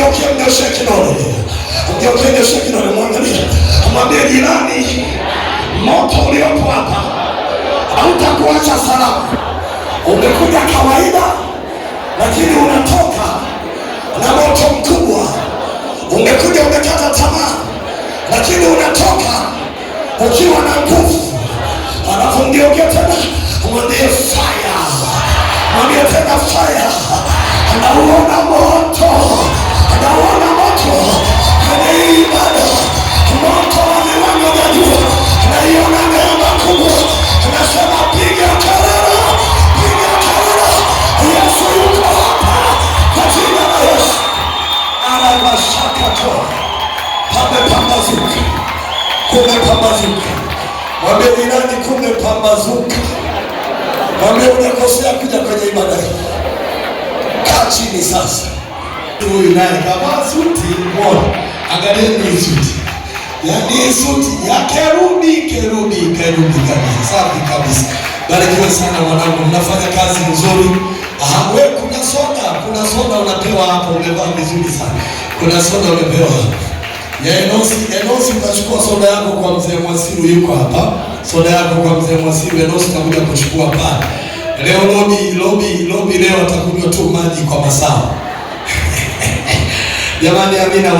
Mgeukie, mgeukie kidole, mgeukie, mgeukie kidole, mwangalie, mwambie jirani, moto uliopo hapa hautakuacha salama. Umekuja kawaida, lakini unatoka na moto mkubwa. Umekuja umekata tamaa, lakini unatoka ukiwa na nguvu. Alafu mgeukie tena, mwambie fire, mwambie tena fire, anauona pambazuka. Mwambie jirani, kumepambazuka. Mwambie unakosea kuja kwenye ibada hii. Kaa chini sasa, huyu naye kama suti mbona, angalieni suti yaani suti ya kerubi kerubi kerubi kabisa, safi kabisa. Barikiwe sana mwanangu, mnafanya kazi nzuri. We, kuna soda, kuna soda unapewa hapo, umevaa vizuri sana. Kuna soda umepewa ya Enosi. Enosi, utachukua soda yako kwa mzee Mwasiru, yuko hapa. Soda yako kwa mzee Mwasiru, Enosi takuja kuchukua pale. Leo lobi lobi lobi, leo atakunywa tu maji kwa masaa. Jamani, amina.